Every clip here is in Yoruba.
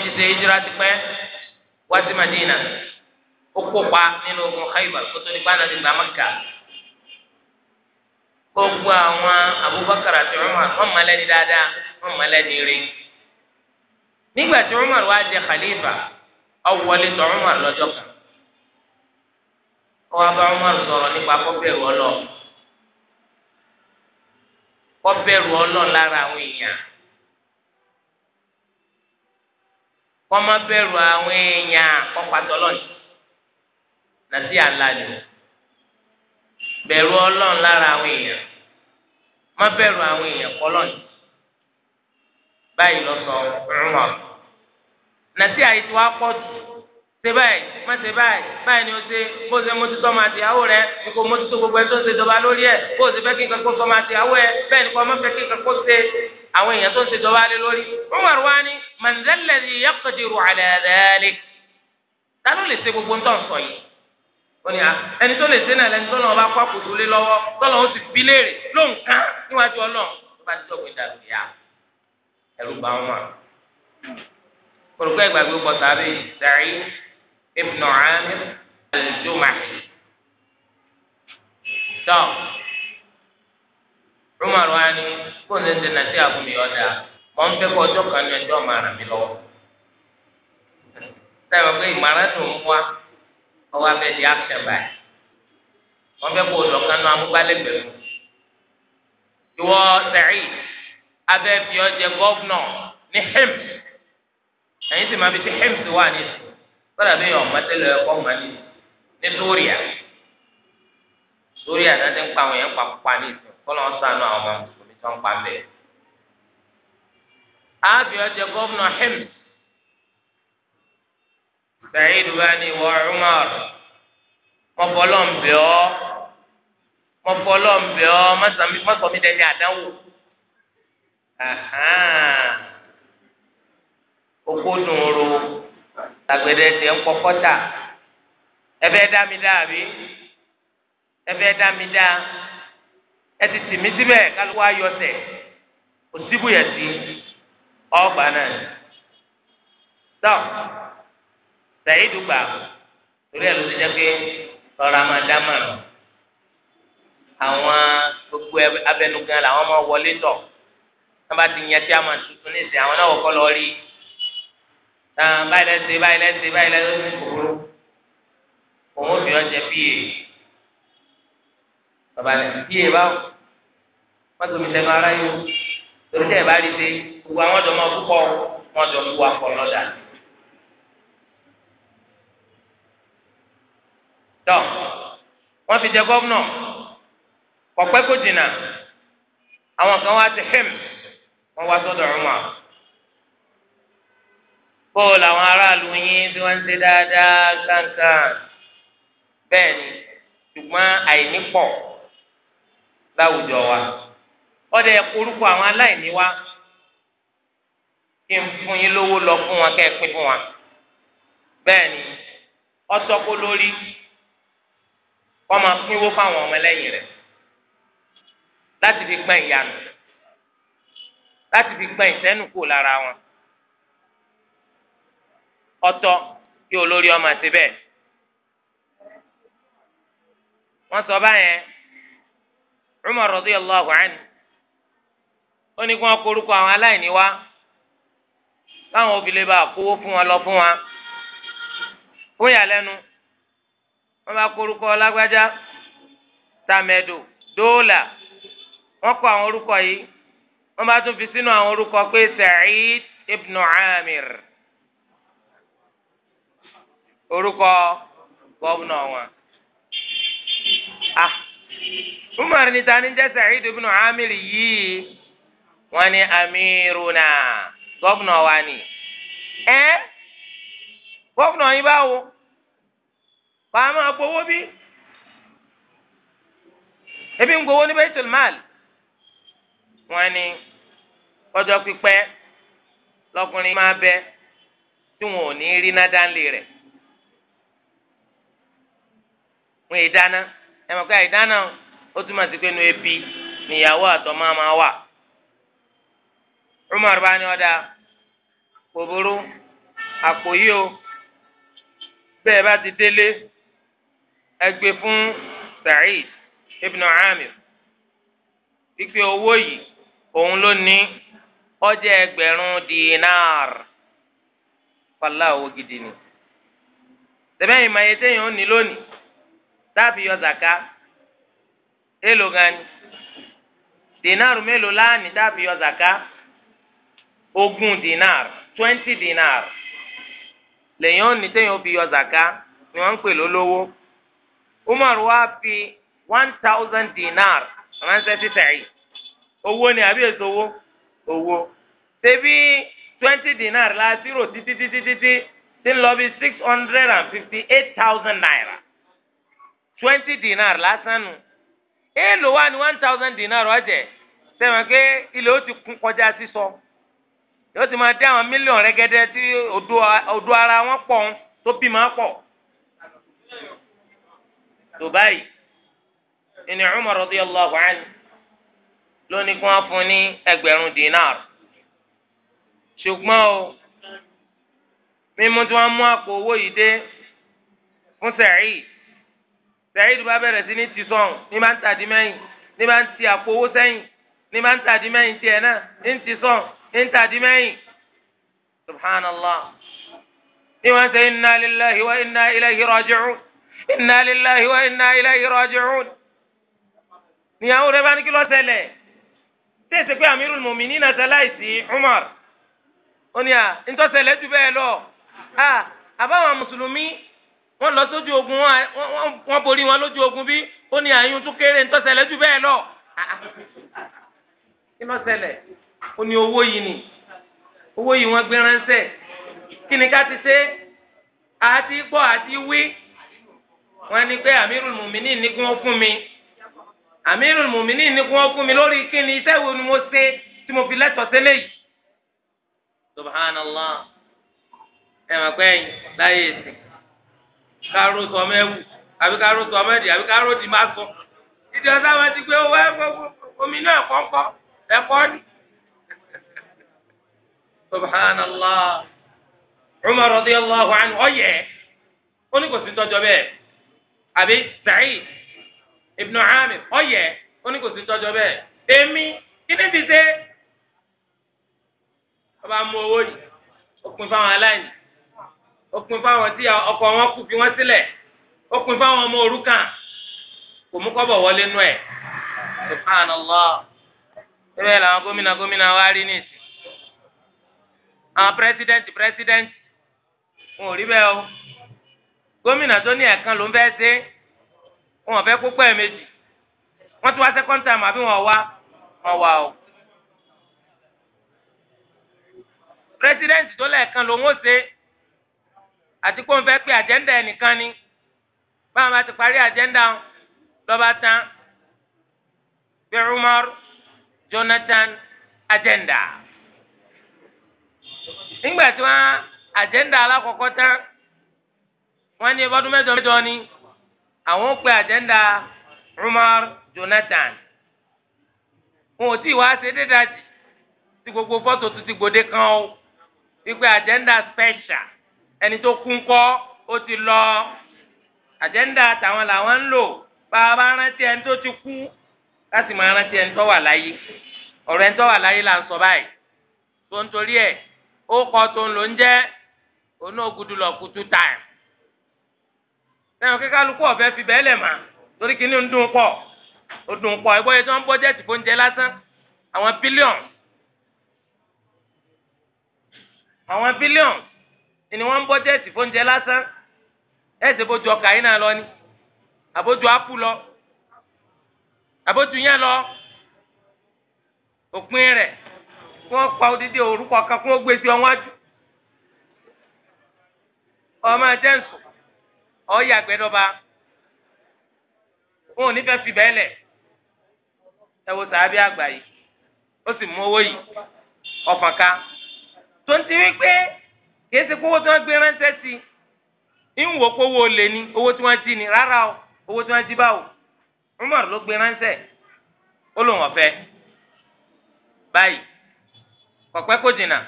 yìí ti ṣe hijira ti pẹ́ wá sí Madina ó kópa nínú ogun Khaybar kó tó nípa náà ti gba Mẹ́kà gbogbo àwọn Abubakar àti Umar wọn mọ lẹ́ni dáadáa wọn mọ lẹ́ni rí nígbà tí Umar wá jẹ khalifa ọwọlé tó Umar kan bá Umar sọ̀rọ̀ nípa lára àwọn èèyàn. kọ́má bẹ̀rù àwọn èèyàn kọ́pàtọ́ lọ́nà nàti àlàlù bẹ̀rù ọlọ́run lára àwọn èèyàn má bẹ̀rù àwọn èèyàn kọ́lọ́nà báyìí lọ sọ ọ̀rùnmọ̀ nàti àyètò apọ̀jù ṣe báyìí má ṣe báyìí báyìí ni o ṣe bó ṣe mójútó ọmọ àtìyàwó rẹ kò mójútó gbogbo ẹ tó ṣe dọba lórí ẹ bó ṣe fẹ́ kí nǹkan kó sọ ọmọ àtìyàwó ẹ bẹ́ẹ̀ ni kò ọmọ fẹ́ kí nǹkan kó ṣe àwọn èèyàn tó ń ṣe jọba lé lórí Umar wa ni man dhal ladhi yaqdiru ala dhalik ta ló lè ṣe gbogbo ń tàn sọ yìí ó ní à ah, ẹni tó lè ṣe náà lẹni tó lọ́wọ́ bá kó àkùtù lé lọ́wọ́ tọ́lọ́ ó sì fi léèrè ló ń kán níwájú ọlọ́run tó bá ti dọ̀gbìn dàrú yá ẹrù bá wọn. olùkọ́ ìgbàgbé kọ sáré Sa'id ibn Amir al-Jumahi. tọ́ wa ni kó ní ṣe nàṣẹ àgùnmí ọ̀dà mọ̀ ń fẹ́ kó ọjọ́ kan ní ẹjọ́ máa ràn mí lọ́wọ́. Táyọ̀ pé ìmọ̀ràn dùn ún wá ọwọ́ abẹ́ di àṣẹ báyìí. Wọ́n fẹ́ kó ọ̀dọ̀kan náà amúgbálẹ́gbẹ̀ẹ́ fún. Ìwọ Sẹ̀rí abẹ́ fi ọjẹ gọ́vnọ̀ ní Hims. Ẹ̀yin sì máa fi ti Hims wà ní ìsìn. Sọ́dà bí ọ̀mọ́ tẹ́lẹ̀ ẹ̀kọ́ mọ́ ní ní Sóríà. Sóríà náà ti ń pa àwọn tó ń pa ń bẹ̀. ààbì ọjọ́ gómìnà Hims Sa'id wa ni wọ Umar mọ̀fọ́lọ́ ń bẹ̀ ọ́ mọ̀fọ́lọ́ ń bẹ̀ ọ́ mọ̀sọ̀mí dẹ́ni àdánwò oko dùnrù agbẹ̀dẹ tẹ̀ ń kọ́kọ́ ta ẹ̀bẹ̀ dá mi dá àbí ẹ̀bẹ̀ dá mi dá ẹ ti tì mí síbẹ̀ kálukú ayọ̀sẹ̀ òsibúyẹ̀sí ọgbà náà tọ́ sẹ̀yìn dùgbà torí ẹ̀ ló ti jẹ́ pé ọ̀rọ̀ àmàdámà àwọn gbogbo abẹnugan làwọn ọmọ wọlé tọ̀ wọ́n bá ti yẹn tí a máa tuntun nísìnyí àwọn náà wọ́kọ́ lọ rí báyìí lẹ́sẹ̀ báyìí lẹ́sẹ̀ báyìí lẹ́sẹ̀ kúrú òun ò fi ọjẹ́ bíyè bàbá ní bí ẹ bá wọn tóbi sẹnu ara yìí o torí tẹ ẹ bá rí ṣe gbogbo àwọn ọ̀dọ́ máa kúkọ wọn jọ kú akọ lọdà tọ wọn fi jẹ gọvnọ kọpẹ kò jìnnà àwọn kan wá ti hẹm wọn wá sọ́dọ̀ ọmọ bóòlù àwọn aráàlú yín tí wọn ń ṣe dáadáa kankan bẹ́ẹ̀ ni ṣùgbọ́n àìní pọ̀ láwùjọ wa ọdẹ orúkọ àwọn aláìní wa kí n fún yín lówó lọ fún wa kẹ́ ẹ pín fún wa bẹ́ẹ̀ ni ọtọ́kó lórí kọ́ máa pínwó fáwọn ọmọlẹ́yìn rẹ̀ láti fi gbọ́n ìyanu láti fi gbọ́n ìsẹ́nu lára wọn ọtọ kí olórí ọmọ àti bẹ́ẹ̀ wọ́n sọ báyẹn. Umar radiyallahu anhu ó ní kí wọ́n korúkọ àwọn aláìní wá káwọn obìnrin bá kówó fún wọn lọ fún wa fún ìyàlẹ́nu wọ́n bá korúkọ lágbájá tàmẹ̀dò dóòlà wọ́n kọ àwọn orúkọ yìí wọ́n bá tún fi sínú àwọn orúkọ pé Sa'id ibn Amir orúkọ gọ́vnọ̀ wọn. Ah. umar ní tani jẹ́ sa'id ibn amir yìí wọ́n amịrị na gọ́vnà wa ni ẹ gọ́vnà yín báwo a gbowó ebi ń gbowó ní baitul mal wọ́n ní ọjọ́ pípẹ́ lọkùnrin máa bẹ tí wọn ò ní ẹ mọ̀ pé àìdáná ó túmọ̀ sí pé inú ebi níyàwó àtọmọ máa wà. Umar bá ní ọ̀dà kòbóró àpò o bẹ́ẹ̀ bá ti délé ẹ fún Sa'id ibn Amir ife owó yìí òun ló ní ọjà ẹgbẹ̀rún dinar fàlà owó gidi ni. tẹ̀bẹ́yìn máa ó ní lónìí táàbì yọ zaka èlò gan ni dinaru mélòó láàánì táàbì yọ zaka ogún dinar twenty dinar lèyìn òní téyìn ó yọ zaka ni wọ́n ń pè lólówó umar wá fi one thousand dinar ránṣẹ́ sí Sa'id owó ni àbí èso owó owó ṣebí twenty dinar la zero títí títí títí ti ń lọ bí six hundred and fifty eight thousand naira twenty dinar lásán nu èèlò wa ni one thousand dinar ọjẹ sẹ́wọ̀n pé ilé o ti kún kọjá sísọ yóò ti máa dé àwọn mílíọ̀nù rẹ́gẹ́dẹ́ tí odò ara wọn pọ̀ ń tó bí máa pọ̀ tó báyìí ìní Umar radiyallahu anhu lónìí kí wọ́n fún ní dinar ṣùgbọ́n o mímú tí wọ́n mú àpò owó yìí dé fún sẹ́yìn bá bẹ̀rẹ̀ sí ní ti sọ̀n ní máa ń tàdí mẹ́yìn ní máa ń ti àpò owó sẹ́yìn ní máa ń tàdí mẹ́yìn tiẹ̀ náà ní ti sọ̀n ní tàdí mẹ́yìn subhanallah ní wọ́n ṣe inna lillahi wa inna ilayhi raji'un inna lillahi wa inna ilayhi raji'un níyàwó rẹ bá ní kí ló ṣẹlẹ̀ tẹ̀sí pé amirul mu'minin náà sẹ́láìsì Umar ó ní à ń tọ́ ṣẹlẹ̀ jù bẹ́ẹ̀ lọ àbáwọn mùsùlùmí wọ́n lọ sójú ogun wọ́n borí wọn lójú ogun bí ó ní àyún tún kéré ń tọ́sẹ̀lẹ̀ jù bẹ́ẹ̀ lọ. kí ló ṣẹlẹ̀ ó ní owó yìí ni owó yìí wọ́n gbé ránṣẹ́ kí ni ká ti ṣe àti gbọ́ àti wí wọ́n ní pé amirul muminin ní kí wọ́n fún mi amirul muminin ní kí wọ́n fún mi lórí kí ni iṣẹ́ wo ni mo ṣe tí mo fi lẹ́tọ̀ọ́ sílẹ̀ yìí subhanallah ẹ̀ mọ̀ pé láyé ìsìn. káró sọ mẹ́wù àbí káró sọ mẹ́dì àbí káró di má sọ. ìdí ọ̀sán wọn ti gbé owó ẹ̀kọ́ omi náà kọ́kọ́ ẹ̀kọ́ ni. subhanallah umar radiyallahu anhu ọ̀yẹ́ ó ní kò sí tọ́jọ́ bẹ́ẹ̀ àbí ó ní kò sí tọ́jọ́ bẹ́ẹ̀ èmi kí ni fi ṣe. ọba mú owó yìí ó pin fáwọn aláìní. ó pin fáwọn tí ọkọ wọn kú fi wọn sílẹ̀ ó pin fáwọn ọmọ òrukàn kò mú kọ́bọ̀ wọlé nú ẹ̀ subhanallah ebe làwọn gómìnà gómìnà wa rí nìsí àwọn pírẹsidẹ́ǹtì pírẹsidẹ́ǹtì wọn ò rí bẹ́ẹ̀ o gómìnà tó ní ẹ̀kan ló ń fẹ́ ṣe wọn ò fẹ́ kó pẹ́ẹ́ méjì wọ́n ti wá second time àbí wọ́n wá wọ́n wá o. pírẹsidẹ́ǹtì tó lẹ́ẹ̀kan ló ń wọ́n ṣe àti kó n fẹ́ pé àjẹ́ndà ẹnìkan ni báwọn bá ti parí àjẹ́ndà lọ́ba tán bí Jonathan àjẹ́ndà nígbà tí wọ́n àjẹ́ndà alákọ̀ọ́kọ́ tán wọ́n ní ọdún mẹ́jọ mẹ́jọ ni àwọn ó pe àjẹ́ndà Umar Jonathan wọn ò tí ì wá ṣe dédàjì tí gbogbo fọ́tò tó ti gbòde kan ó wípé àjẹ́ndà special ẹni tó kún kọ́ ó ti lọ àjẹ́ńdà tàwọn làwọn ń lò bàbá rántí ẹni tó ti kú láti máa rántí ẹni tó wà láyé ọ̀rọ̀ ẹni tó wà láyé là ń sọ báyìí tó ń torí ẹ̀ ó kọ́ tó ń lò ń jẹ́ onógudu lọ kutu táìm sẹ́yìn kíkálukú ọ̀fẹ́ fi bẹ́ẹ̀ lẹ̀ mà torí kíní ń dùn pọ̀ ó dùn pọ̀ ẹgbẹ́ yẹn tó ń bọ́jẹ́tì fóúnjẹ lásán àwọn bílíọ̀nù àwọn bílíọ̀nù ni wọ́n ń bọ́jẹ́tì fóúnjẹ lásán ẹ̀sẹ̀ bójú ọkà yín náà lọ ni àbójú ápù lọ àbójú yẹn lọ òpin rẹ̀ kí wọ́n pa odidi orúkọ kan kí wọ́n gbé sí ọwọ́n àjù ọmọ ẹ̀jẹ̀ ń sùn ọ̀ọ́yà gbẹ́dọ̀ba wọn ò ní fẹ́ fi bẹ́ẹ̀ lẹ̀ ẹ wo sàábì àgbà yìí ó sì mú owó yìí ọ̀fàn ká tó ń ti wí pé kì í ṣe kówó tí wọ́n gbé ránṣẹ́ sí i ń wò kówó olè ni owó tí wọ́n jí ni rárá o owó tí wọ́n jí báwo Umar ló gbé ránṣẹ́ ó lòun ọ̀fẹ́ báyìí kọ̀pẹ́ kò jìnnà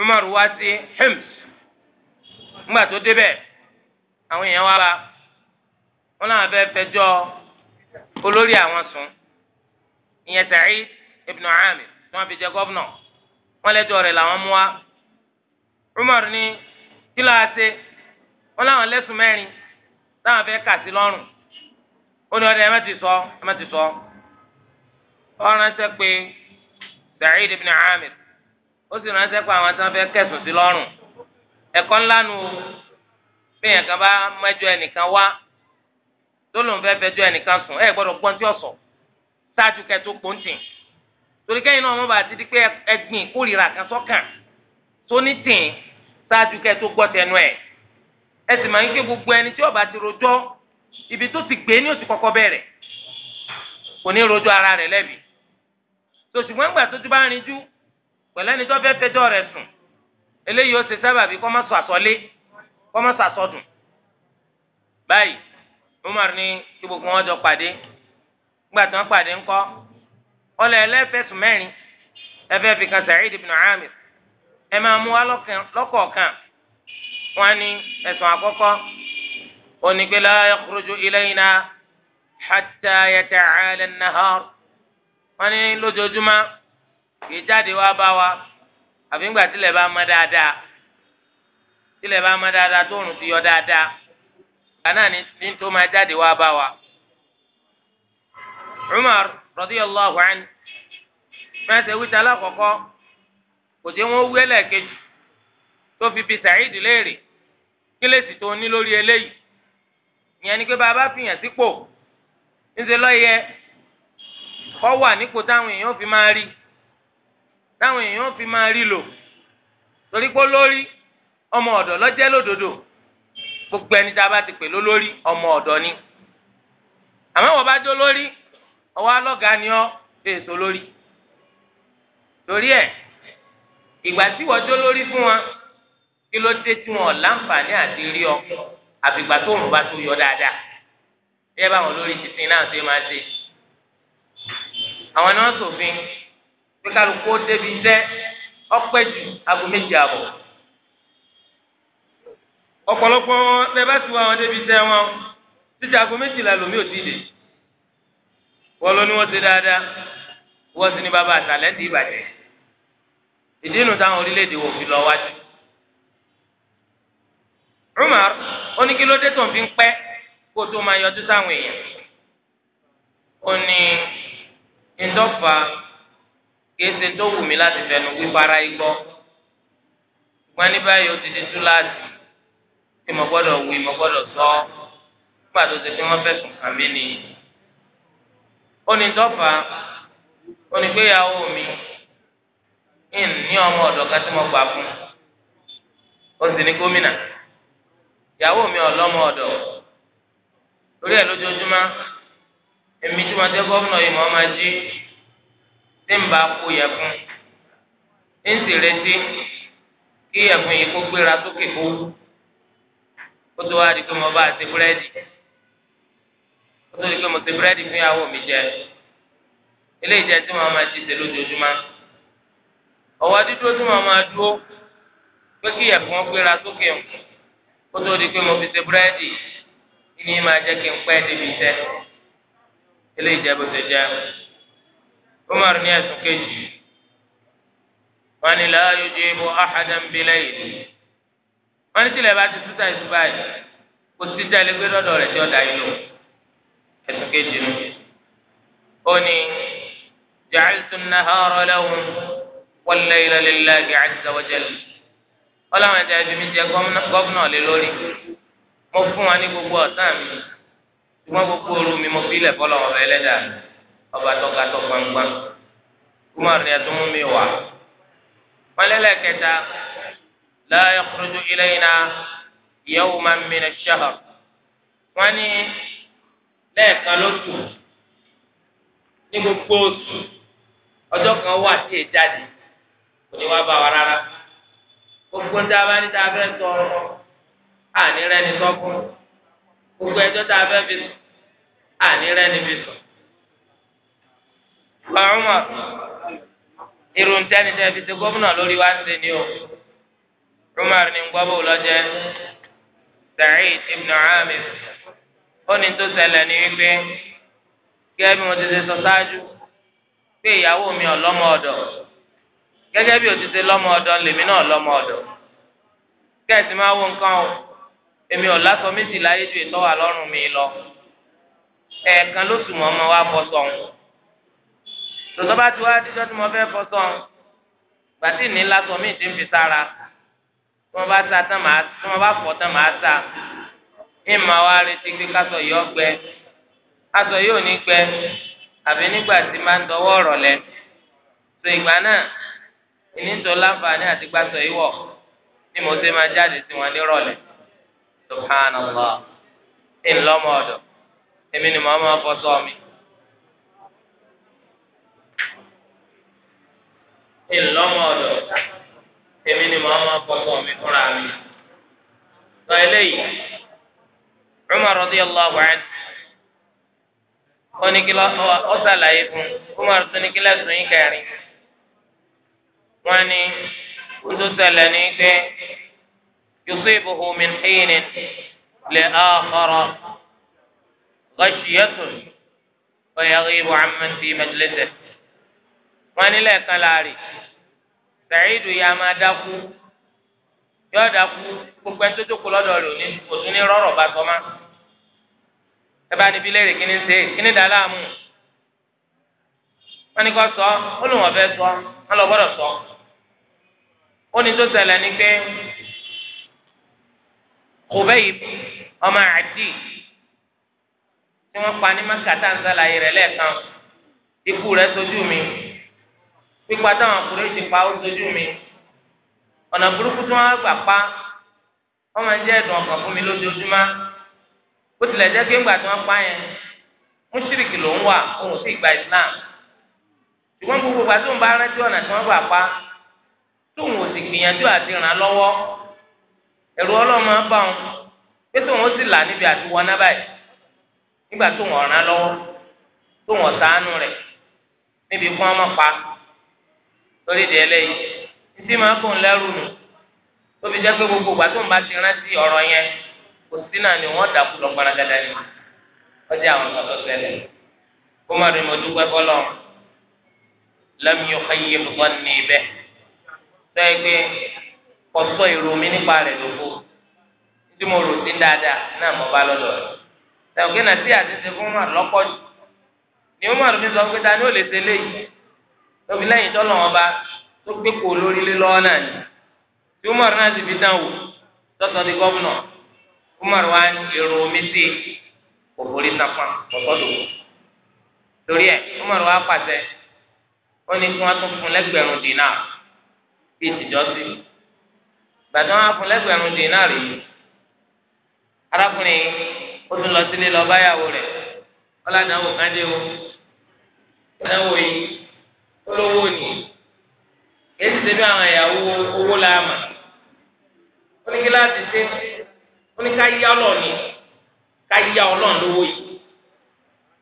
Umar wá sí Hims ńgbà tó débẹ̀ àwọn èèyàn wá bá wọn làwọn fẹ́ fẹjọ́ olórí àwọn sùn ìyẹn Sa'id ibn Amir tí wọ́n fi jẹ gọ́vnọ̀ wọ́n lẹ́jọ́ rẹ̀ làwọn mú wa. Umar ní kí ló ṣe wọn láwọn lẹ́sùn mẹ́rin táwọn fẹ́ kà sí lọ́rùn ó ní ọdẹ ẹ má ti sọ ẹ má ti sọ ọ ránṣẹ́ pé Sa'id ibn Amir ó sì ránṣẹ́ pé àwọn tí wọ́n fẹ́ kẹ̀sùn sí lọ́rùn ẹ̀kọ́ ńlá nu bẹ́ẹ̀ kan bá mẹ́jọ ẹnìkan wá tó lòun fẹ́ fẹjọ́ ẹnìkan sùn ẹ gbọ́dọ̀ gbọ́n tí ó sọ ṣáájú kẹtó pọ́ńtìn torí kẹ́yìn náà wọ́n bá ti di pé ẹgbìn kórìíra kan sọ́kàn tó ní tìǹ ṣáájú kẹ́ tó gbọ́ tẹnu ẹ̀ ẹ sì máa ń ké gbogbo ẹni tí ó bá ti rojọ́ ibi tó ti gbé ní ó ti kọ́kọ́ bẹ̀rẹ̀ kò ní rojọ́ ara rẹ̀ lẹ́bi tòṣùgbọ́n ìgbà tó ti bá rinjú pẹ̀lú ẹni tó fẹ́ fẹjọ́ rẹ̀ sùn eléyìí ó ṣe sábàbí kọ́ má sọ àsọlé kọ́ má sọ àsọdùn báyìí Umar ní kí gbogbo wọn jọ pàdé gbà tí wọn pàdé ńkọ́ ọlọ ẹlẹfẹsùn mẹ́rin ẹfẹ fi kan Sa'id ibn Amir ẹ máa mú wa lọ́kọ̀ọ̀kan wọn ní ẹ̀sùn àkọ́kọ́ onígbélé ẹkùrújú ilé hàtà yàtà nàhàr wọn lójoojúmọ́ jáde wá bá wa àfi tilẹ̀ bá dáadáa tilẹ̀ bá dáadáa ti yọ dáadáa ni ní tó máa jáde wá bá wa. kò sí wọn wú ẹlẹ́ẹ̀kejì tó fi bi Sa'id léèrè kílèsì tó ní lórí eléyìí ìyẹn ni pé bàbá fìyàn sípò ńṣe lọ́yẹ kọ́ wà nípò táwọn èèyàn fi máa rí táwọn èèyàn fi máa rí lò torí pé lórí ọmọ ọ̀dọ̀ lọ́jẹ́ lódodo gbogbo ẹni tá a bá ti pè lólórí ọmọ ọ̀dọ̀ ni àmọ́ wọ́n bá jó lórí ọwọ́ alọ́gàá ni ọ́ fèsò lórí torí ẹ̀ ìgbà tí wọ́n jó lórí fún wa kí ló dé tí wọn láǹfààní àti rí ọ àfìgbà tó ń bá tó yọ dáadáa bí ẹ bá wọn lórí títí náà ṣe máa ṣe àwọn ni wọn ṣòfin pé kálukú débi iṣẹ́ ọpẹ́ jù aago méje àbọ̀ ọ̀pọ̀lọpọ̀ ẹ bá ti wá àwọn débi iṣẹ́ wọn títí aago méjìlá lomi ò ti lè wọn ló ní wọn ṣe dáadáa wọn sì ní bàbá àtàlẹ́ ti bàjẹ́ ìdí inú táwọn orílẹ̀-èdè wò fi lọ wájú. Umar ó ní kí ló dé tó ń fi ń pẹ́ kó tó máa yọjú sáwọn èèyàn. ó ní ìdọ́fà kìí ṣe tó wù mí láti fẹnu wípara igbó. wọ́n ní báyìí ó ti di túláàsì tí mo gbọ́dọ̀ wí mo gbọ́dọ̀ sọ ọ́ nígbà tó ṣe pé wọ́n fẹ̀sùn kàn mí ni. ó ní ìdọ́fà ó ní gbéyàwó mi ń ní ọmọ ọ̀dọ̀ kan tí mo gbà fún ó sì ní gómìnà ìyàwó mi ọlọ́mọ ọ̀dọ̀ lórí ẹ̀ lójoojúmọ́ èmi tí mo jẹ́ gómìnà yìí mo máa jí tí ń bá kó yẹ fún ń sì retí kí ẹ̀fún yìí kó gbéra sókè kó kó tó wá di pé mo bá ti búrẹ́dì kó tó di pé mo ti búrẹ́dì fún ìyàwó mi jẹ ilé ìjẹ tí mo máa ti ṣe lójoojúmọ́ ọwọ́ dídúró tí màá máa dúró pé kí ẹ̀fọn gbéra sókè ń kó tó di pé mo fi ṣe búrẹ́dì kí ni máa jẹ́ kí n pẹ́ débi iṣẹ́ eléyìí jẹ́ bó ṣe jẹ́ Umar ní ẹ̀sùn kejì wọn ni la yujibu ahadan bilayl wọn ní tilẹ̀ bá ti túta ìṣúbà yìí kò sí jáde gbé lọ́dọ̀ rẹ̀ tí ó dá yìí lò ẹ̀sùn kejì nù ó ní ja'altu an-nahara lahum. والليل لله عز وجل ọlọ́run ẹ̀jẹ̀ ẹ̀jẹ̀ mi jẹ́ gọ́vnà lé lórí mo fún wa ní gbogbo ọ̀sán mi ṣùgbọ́n gbogbo ooru mi mo fi ilẹ̀ la ní gbogbo òní wá bá wa rárá gbogbo ńdá bá ní tá a fẹ́ tọrọ àní rẹ ní sọ́kún gbogbo ẹjọ́ tá a fẹ́ fi sùn àní rẹ ní fi sùn. bàrúmà irun tẹ́ni tẹ́ fi ṣe gómìnà lórí wa ṣe ni o Umar ní gbọ́bù lọ́jẹ́ Sa'id ibn Amir ó ní tó ṣẹlẹ̀ ní wípé kí ẹbí mo ti ṣe sọ ṣáájú pé ìyàwó mi ọ̀lọ́mọ ọ̀dọ̀. gẹ́gẹ́ bí otite lọmọ ọdọ lèmi náà lọ́mọ ọ̀dọ̀ kẹ́sì máa wo nǹkan o èmi ò lásọ méjì láyé ju ètò wà lọ́rùn mi lọ ẹ̀ẹ̀kan ló sùn mọ́ ọmọ wa bọ́ sọ̀hún bá ti wá dídọ́ tí mo fẹ́ mi ń fi sára tí wọ́n bá tán màá tí wọ́n bá fọ́ tán màá ìmọ̀ wa retí pé kásọ̀ yọ gbẹ kásọ̀ yóò ní gbẹ ìní ń àti gbàtọ̀ ìwọ̀ ni mo ṣe máa jáde sí wọn subhanallah èmi ni mo máa fọṣọ mi. ńlọmọ èmi ni màá máa fọṣọ mi fúnra mi. sọ eléyìí Umar radiyallahu anhu ó ní kí fún Umar tó ní kí lẹ́sùn yín kẹrin. wọ́n ní kótó ṣẹlẹ̀ ní pé yusibuhu min hinin li akhara ghashiyatun wa yaghibu amman fi majlisihi wọ́n ní lẹ́ẹ̀kan láàrin sàìdù yà máa dákú yọ dákú gbogbo ẹni tó jókòó lọ́dọ̀ rẹ̀ òní òtún ní rọ́rọ̀ bá sọ ma ẹ bá níbi léèrè kí ni ṣe dàá láàmú wọ́n ní kò sọ ó lóun ọ̀fẹ́ sọ wọ́n lọ gbọ́dọ̀ sọ ó ní tó ṣẹlẹ̀ ní pé Khubayb ọmọ Adi tí wọ́n pa ní makata nsàlàyé rẹ̀ lẹ́ẹ̀kan ikú rẹ̀ sojú mi pípa táwọn ọkùnrin ti pa ó sojú mi ọ̀nà burúkú tí wọ́n gbà pa wọ́n máa ń jẹ́ ẹ̀dùn ọkàn fún mi lójoojúmọ́ bó tilẹ̀ jẹ́ pé ńgbà tí wọ́n pa yẹn mùsírìkì ló ń wà òun sì gba Islam ṣùgbọ́n gbogbo ìgbà tó ń bá rántí ọ̀nà tí wọ́n gbà pa tóun ò sì gbìyànjú àti ràn án lọ́wọ́ ẹ̀rù ọlọ́mọ bá wọn pé tóun ó sì là níbi àti wọn náà báyìí nígbà tóun ọ̀ràn án lọ́wọ́ tóun ọ̀sánú rẹ̀ níbi kí wọ́n pa lórí ìdí ẹlẹ́yìí títí máa kó ń lẹ́rù nù tóbi jẹ́ pé gbogbo ìgbà tóun bá ti rántí ọ̀rọ̀ yẹn kò sí náà ni wọ́n dàkú lọ gbaragada ni ọjà àwọn ọ̀sán tó kó má rí mo dúpẹ́ bọ́lọ́ lẹ́mi ò sẹ́yìn pé kọ́sọ́ ìrò mi nípa rẹ̀ lóko tí mo rò sí dáadáa náà mo bá lọ́dọ̀ rẹ̀ sẹ́yìn pé nàti àtẹ̀sẹ̀ fún Umar lọ́kọ́ jù ni Umar fi sọ pé ta ni ó lè ṣe léyìí tóbi lẹ́yìn tọ́lọ̀ wọn bá tó gbé kó lórí lílọ́wọ́ náà ni tí Umar náà ti fi dán wò tọ́sọ̀ di gómìnà Umar wa èrò mi sí òbórí sápá ọ̀tọ́dọ̀ torí ẹ̀ Umar wa pàṣẹ ó ní kí wọ́n tún fún lẹ́gbẹ̀rún dínà bíi tìjọ́sí gbàtí wọn fún lẹ́gbẹ̀rún dínárì arákùnrin ó tún lọ sílé lọ báyàwó rẹ̀ ọlàdánwò kádé o ọlàdánwò yìí olówó ni èyí ti bí àwọn ìyàwó owó la mà ó ní kí láti ṣe ó ní ká yá ọlọ́ọ̀ni ká yá ọlọ́ọ̀ni lówó yìí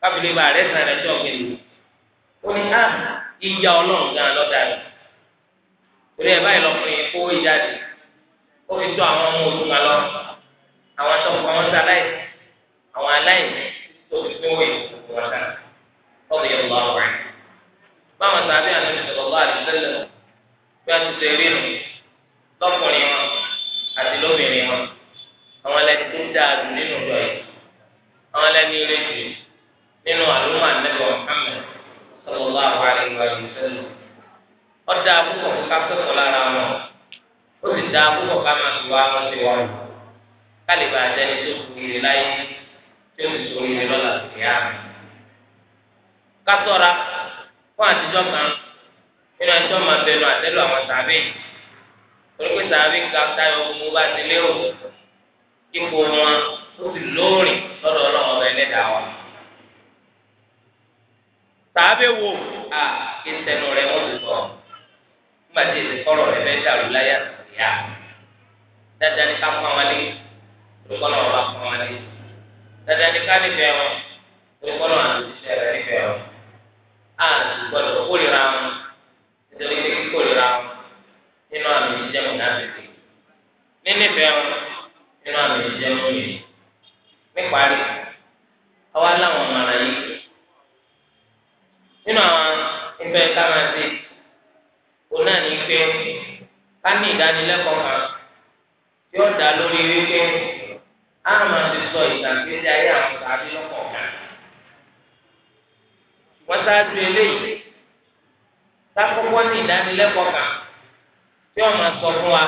kábìlì bá rẹ̀ sàn rẹ̀ tó ọ̀gbìn ó ní á ah, ìyá ọlọ́ọ̀ni gan lọ́dà rẹ̀ torí ẹ báyìí lọkùnrin yìí kówó ìjáde ó fi tó àwọn ọmọ òdùnmá lọ àwọn tó ń kọ wọn aláìsí àwọn aláìsí sákòkò ní ìdánilẹ́kọ̀ọ́ kan tí wọ́n máa sọ fún wa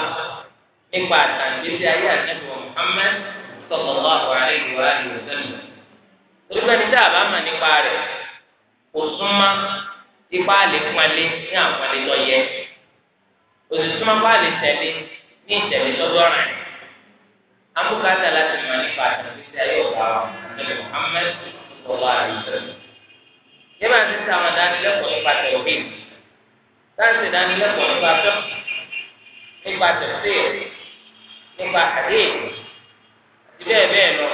nípa àtàndéjì ayé àtẹ̀wọ̀ Muhammad sallallahu alaihi wa alihi wasallam. olùgbẹ́ni tí a bá mọ̀ nípa rẹ̀ kò súnmọ́ ipá lè pọnlé ní àpọnlé tó yẹ òsì súnmọ́ ipá lè tẹ̀lé ní ìtẹ̀lé tó dọ́ràn rẹ̀. amúkàtà láti mọ̀ nípa àtàndéjì ayé ọ̀gá àtẹ̀wọ̀ Muhammad sallallahu alaihi wasallam táǹsì ìdánilẹ́kọ̀ọ́ nípa tó nípa tẹ̀sí nípa àdé àti bẹ́ẹ̀ bẹ́ẹ̀ lọ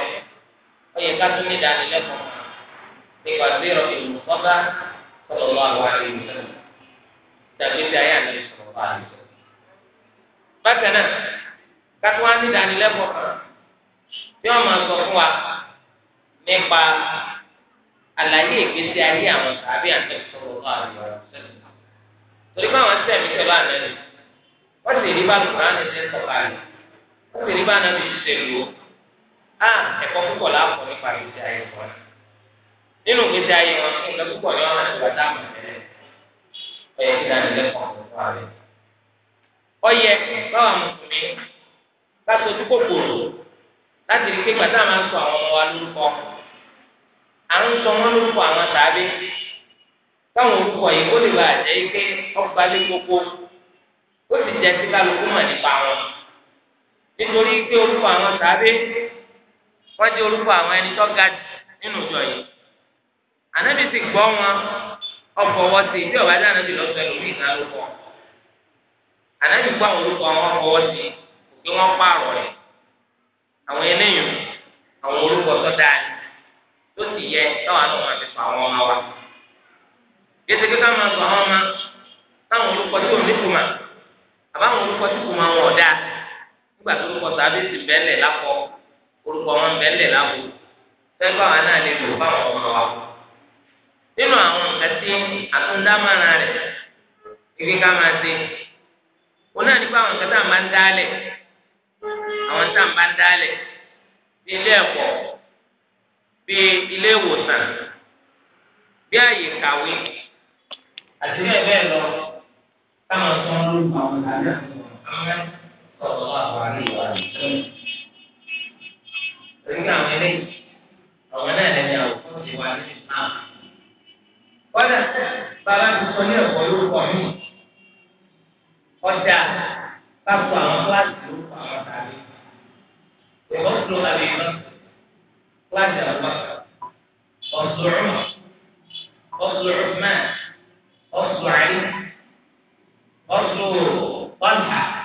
ó yẹ ká tún ní ìdánilẹ́kọ̀ọ́ nípa tó yọrọ ìlú ọba sọlọ lọ àwọn àlè ìlú tàbí ti ayé àlè sọlọ lọ àlè. bákan náà ká tún wá ní ìdánilẹ́kọ̀ọ́ kan tí wọ́n máa sọ fún wa nípa àlàyé ìgbésí ayé àwọn tàbí àtẹ̀sọ̀rọ̀ àlè ọ̀rọ̀ sẹ́lẹ̀ torí pé àwọn sẹ́mi pẹ̀lú ànábì wọ́n sì rí bá lùkúrá ní ṣe ń sọ̀ka rẹ̀ wọ́n sì rí bá ànábì ṣe lò ó á ẹ̀kọ́ púpọ̀ láàpọ̀ nípa ìgbésí ayé wọn nínú ìgbésí ayé wọn nǹkan púpọ̀ ni wọ́n máa ń gbàdá àmọ̀ tẹ́lẹ̀ ọ̀yẹ́ kí dáni lẹ́kọ̀ọ́ nípa rẹ̀ ọ̀yẹ́ báwa mùsùlùmí ká sojú kòkòrò láti rí pé gbàdá máa ń sọ àwọn ọmọ wa lórúkọ à káwọn orúkọ yìí ó lè bá àjẹ́ yìí pé ọba lé gbogbo ó sì jẹ́ sí kálukú mà nípa wọn nítorí pé orúkọ àwọn wọ́n jẹ́ orúkọ ẹni tó ga nínú ìjọ yìí ànábì sì gbọ́ wọn ọkọ̀ dáná lọ́sọ̀ ẹlòmíì náà ló gbọ́ àwọn orúkọ àwọn ọkọ̀ pààrọ̀ àwọn eléyìí kéde kí káwọn sọ àwọn ọmọ táwọn olùkọ́ tí òun níkùmà àbáwọn olùkọ́ tí kùmà wọn ọdá nígbà tó olùkọ́ sàbẹsì bẹlẹ lakọ olùkọ́ wọn bẹlẹ lakọ fẹẹ báwa náà lè lò fáwọn ọmọ wa nínú àwọn nǹkan tí àtúndámọ̀ràn rẹ kíkí ká máa ṣe wọn náà nípa àwọn nǹkan tá à ń bá ń dálẹ̀ àwọn tá a ń bá ń dálẹ̀ bí ilé ẹ̀kọ́ bí ilé ìwòsàn bí àyè kàwé àti bẹ́ẹ̀ bẹ́ẹ̀ lọ káwọn tó ń lórí àwọn ìlànà ọmọ sọ̀rọ̀ àwọn àríwá rẹ̀. Orí àwọn eléyìí, àwọn náà lẹ́ni àwòkọ́ ti wà ní Islam. Kọ́dà bàbá ti sọ ní ẹ̀kọ́ lórúkọ mi. Ọjà kápò àwọn kíláàsì lórúkọ àwọn tàbí. Ìwọ́n tó àlè lọ kíláàsì àwọn ọ̀sùn ọ̀sùn ọ̀sùn mẹ́rin. أصل علي أصل طلحة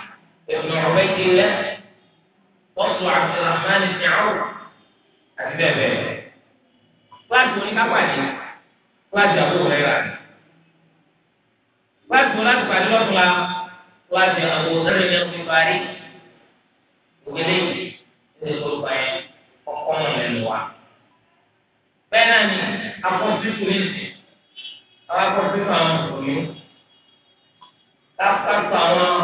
ابن عبيد الله أصل عبد الرحمن بن عوف أسباب وأنتم لكم wájú àbúrò rẹ rà wájú láti pàdé lọ́tùlá wájú àwọn òṣèré ní ọdún parí òkèlè ní olùkọ́ yẹn ọkọ́ mọ̀ lẹ́nu wa. bẹ́ẹ̀ náà ni akọ́ńtútù yìí alákọ̀ọ́ sínú àwọn mùsùlùmí lápapọ̀ àwọn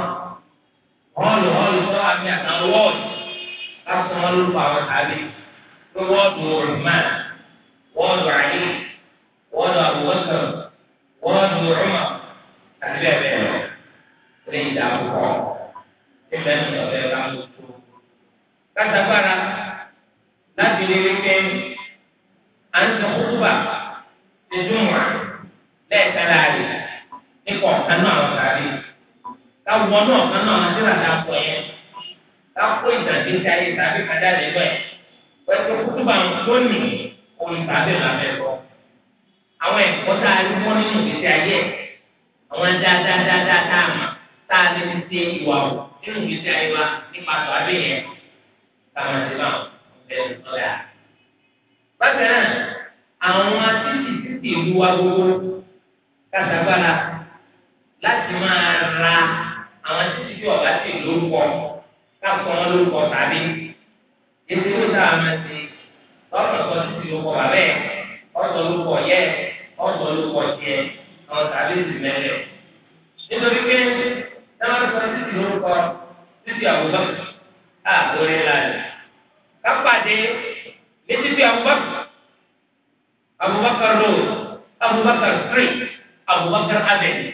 họ́ọ̀lù họ́ọ̀lù tó wà ní àtàwọn wọ́ọ̀dù lápapọ̀ wọn lórúkọ àwọn tàbí pé wọ́ọ̀dù Uthman wọ́ọ̀dù Ali wọ́ọ̀dù Abubakar wọ́ọ̀dù Umar àti bẹ́ẹ̀ bẹ́ẹ̀ lọ lẹ́yìn ìdá àkọ́kọ́ ẹgbẹ́ mi ọ̀rẹ́ bá ló tó. kátàkárà láti lè rí pé à ń sọ kúkúbà ṣe dùn wá bẹ́ẹ̀ sára rẹ̀ nípa ọ̀kan náà àwọn sáré táwọn náà ọ̀kan náà wọn síra tá a pọ̀ yẹn táwọn ìdàgbé ti ayé tàbí kájà lè lọ ẹ̀ wọ́n ti kútu bá wọn tó nì oyin tàbí làbẹ́ lọ. àwọn ẹ̀kọ́ tá a rí mọ́ nínú ìgbésí ayé ẹ̀ àwọn dáadáadáa tá a mọ̀ tá a lè fi ṣe ìwà wò nínú ìgbésí ayé wa nípa tàbí yẹn táwọn ti bá wọn bẹ́ẹ̀ lọ́la. bákan náà àwọn kásagbára láti máa ra àwọn títí tí ọba ti lórúkọ káàkó wọn lórúkọ tàbí ètò ìwé sábà máa ti lọ́sọ̀ sọ títí lórúkọ bàbẹ́ ọ̀sọ̀ lórúkọ yẹ ọ̀sọ̀ lórúkọ tiẹ̀ àwọn tàbí sì mẹ́lẹ̀. nítorí pé sábà sọ títí lórúkọ títí àwùjọ àgbórí lálẹ́ kápàdé ní títí àwùjọ Abubakar road Abubakar street. Abu Bakar Adeni.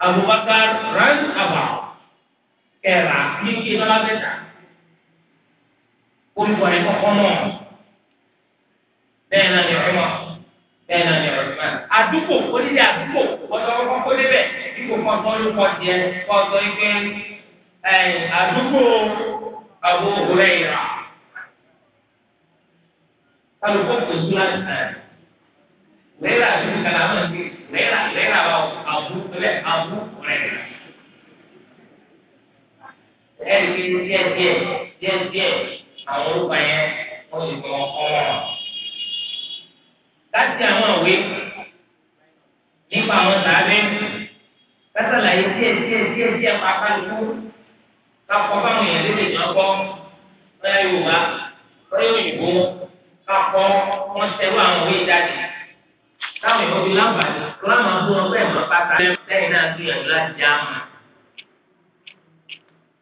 Abu Bakar about era ní kí lọ́la bẹ́tà. Olùkọ́ ọmụ, kọ́kọ́ mọ̀. Bẹ́ẹ̀ náà ni Umar. Bẹ́ẹ̀ náà ni Uthman. Àdúgbò onílé àdúgbò rẹ́rà àti kàlà máa ń gbé rẹ́rà rẹ́rà wa àbú rẹ́ àbú rẹ́rà. ẹ ẹ ti díẹ̀ díẹ̀ díẹ̀ díẹ̀ àwọn orúkọ yẹn ó sì fi wọn wọn. láti àwọn òwe nípa àwọn sàbẹ̀ kásàlàyé díẹ̀ díẹ̀ díẹ̀ díẹ̀ pàápàá lóko kakọ báwọn yẹn lédè ní ọgbọ ọyá Yorùbá ọyá òyìnbó kakọ wọn tẹlu àwọn òwe dájú táwọn èèyàn fi láǹfààní lọ́la máa bú wọn bẹ́ẹ̀ máa bàtà lẹ́yìn náà sí ẹ̀yìn láti já mà.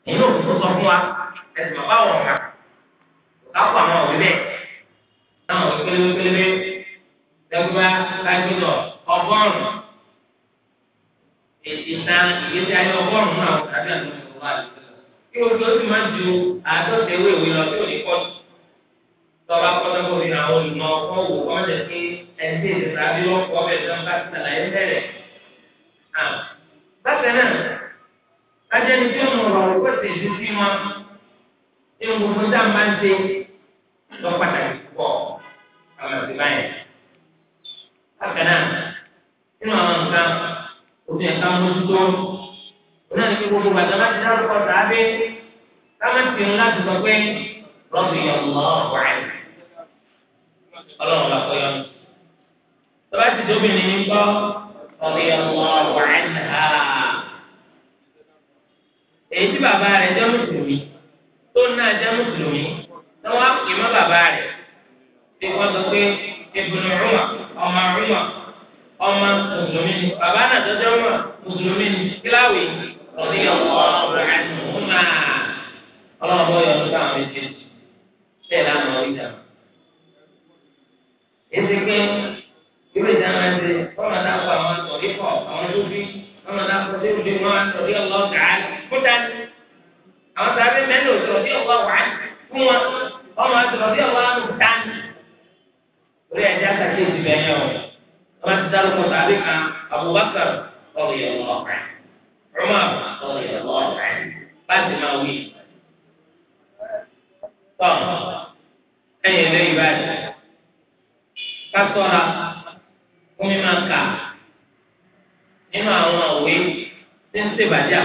ìyẹn òfin tó sọ fún wa ẹ̀sìn bàbá wọn kà kápò àwọn òwe bẹ́ẹ̀ táwọn òwe pélépélé dẹ́gbẹ́ kájúlọ ọgọ́rùn-ún ìta ìgbésí ayé ọgọ́rùn-ún náà àti àdúgbò wa kí o tó ti máa ju àádọ́ta ìwé lọ sí òní pọ́ọ̀tù tọ́ba kọ́tọ́kọ́ ní àwọn olùmọ̀ ọkọ̀ wò wọ́n lè fi ẹ̀ńdí ìdàbí ọkọ̀ ọbẹ̀ dán bá sàlàyé bẹ̀rẹ̀. bákan náà ajẹni tí wọn rọ ọ̀rọ̀ pèsè ìlú sí wọn ewu tó dá máa ń ṣe lọ pàtàkì púpọ̀ àwọn àti báyìí. bákan náà nínú àwọn nǹkan òfin ẹ̀ka mójútó náà ní gbogbo bàtà láti dárúkọ sàábé táwọn ń láti sọ pé rọ́bì ọ̀lọ́ ọ̀rẹ́. ọlọ́run bá kọ́ yọnu. tọ́ba ti di obìnrin ní gbọ́ ọ̀rẹ́ ọmọ ọ̀wá ẹ̀nà. èyí tí bàbá rẹ̀ jẹ́ mùsùlùmí tó náà jẹ́ mùsùlùmí tí wọ́n á pè mọ́ bàbá rẹ̀ tí wọ́n sọ pé ìbùnú rúmà ọmọ rúmà ọmọ mùsùlùmí ni bàbá náà tó jẹ́ mùsùlùmí ni kíláwì ọ̀rẹ́ ọlọ́run bọ́ èsì pé irú ìdáná ẹsẹ ọmọ dáko àwọn àtọ̀rí kọ àwọn tó bí ọmọ dáko tó bí wọn àtọ̀rí ọlọ́ọ̀ gàálì kúta àwọn sábẹ́ mẹ́lò tọ̀rí ọwọ́ wà fún wọn ọmọ àtọ̀rí ọwọ́ àmúta orí ẹ̀jẹ̀ àtàkì èsì bẹ́ẹ̀ yẹn o ọmọ ti dárúkọ sábẹ́ kan Abubakar ọ̀rọ̀ yẹn lọ́ọ̀ kan Umar ọ̀rọ̀ yẹn lọ́ọ̀ láti máa wí. tọ́ ẹ̀yìn lẹ́yìn báyìí. se vaya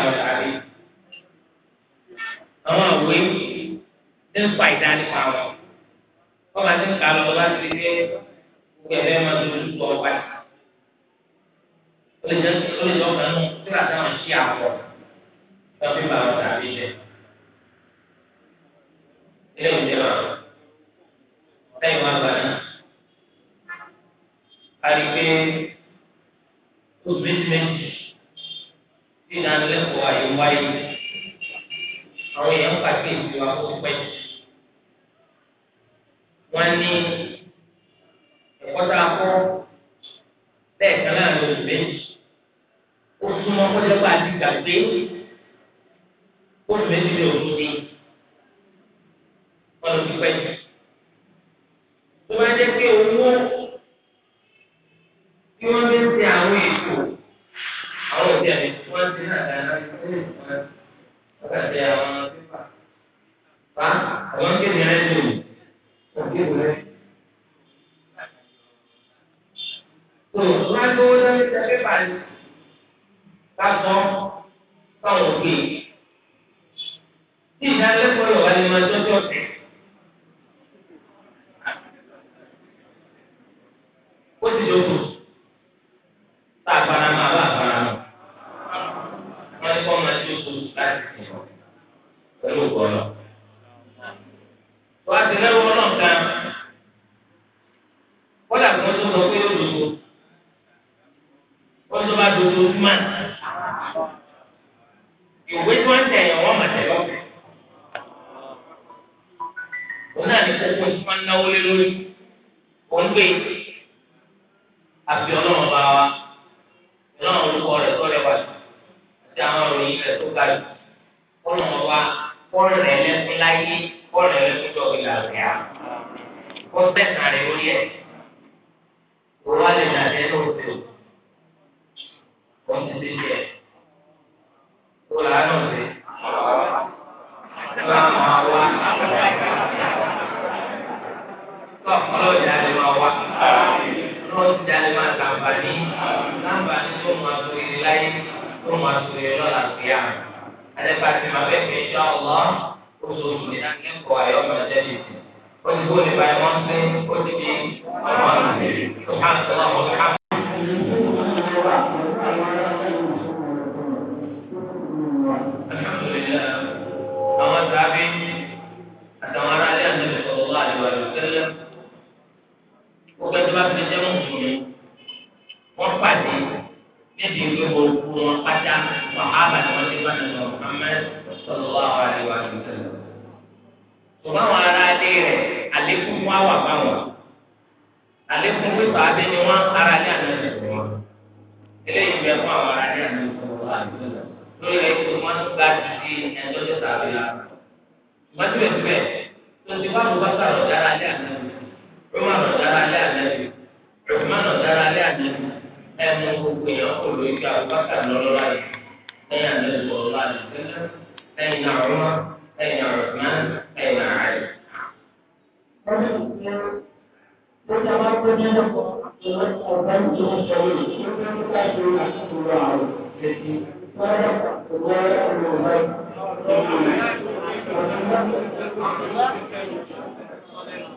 the others. wọn pátá wàhálà ni wọ́n ti bá nàbọ̀ Muhammad sallallahu alaihi wa sallam. ṣùgbọ́n àwọn ará adé rẹ̀ àlékún wá wà báwọn àlékún pípa adé ni wọ́n ara ní àná ìṣẹ̀lẹ̀ wọn. eléyìí bẹ fún àwọn ará ní àná ìṣẹ̀lẹ̀ lórí rẹ̀ tó wọ́n gba ti ẹjọ́ tó tàbí la. ṣùgbọ́n síbẹ̀síbẹ̀ tó ti wá lọ bá sàrọ̀ dára lé àná ìṣẹ̀lẹ̀ ẹnu gbogbo èèyàn kò lóye kí abubakar lọ́lọ́lá yìí lẹ́yìn àlejò ọ̀la àdìsẹ́lẹ̀ lẹ́yìn náà ọ̀la lẹ́yìn náà ọ̀sán lẹ́yìn náà àyè. wọ́n ti sọ pé ó dábàá ìwé ọ̀gá tó ń sọ yìí ó ti ń ká ìlú àtúntò àrùn lẹ́sí wọ́n yẹ kó wọ́n yẹ kó lọ́wọ́ báyìí.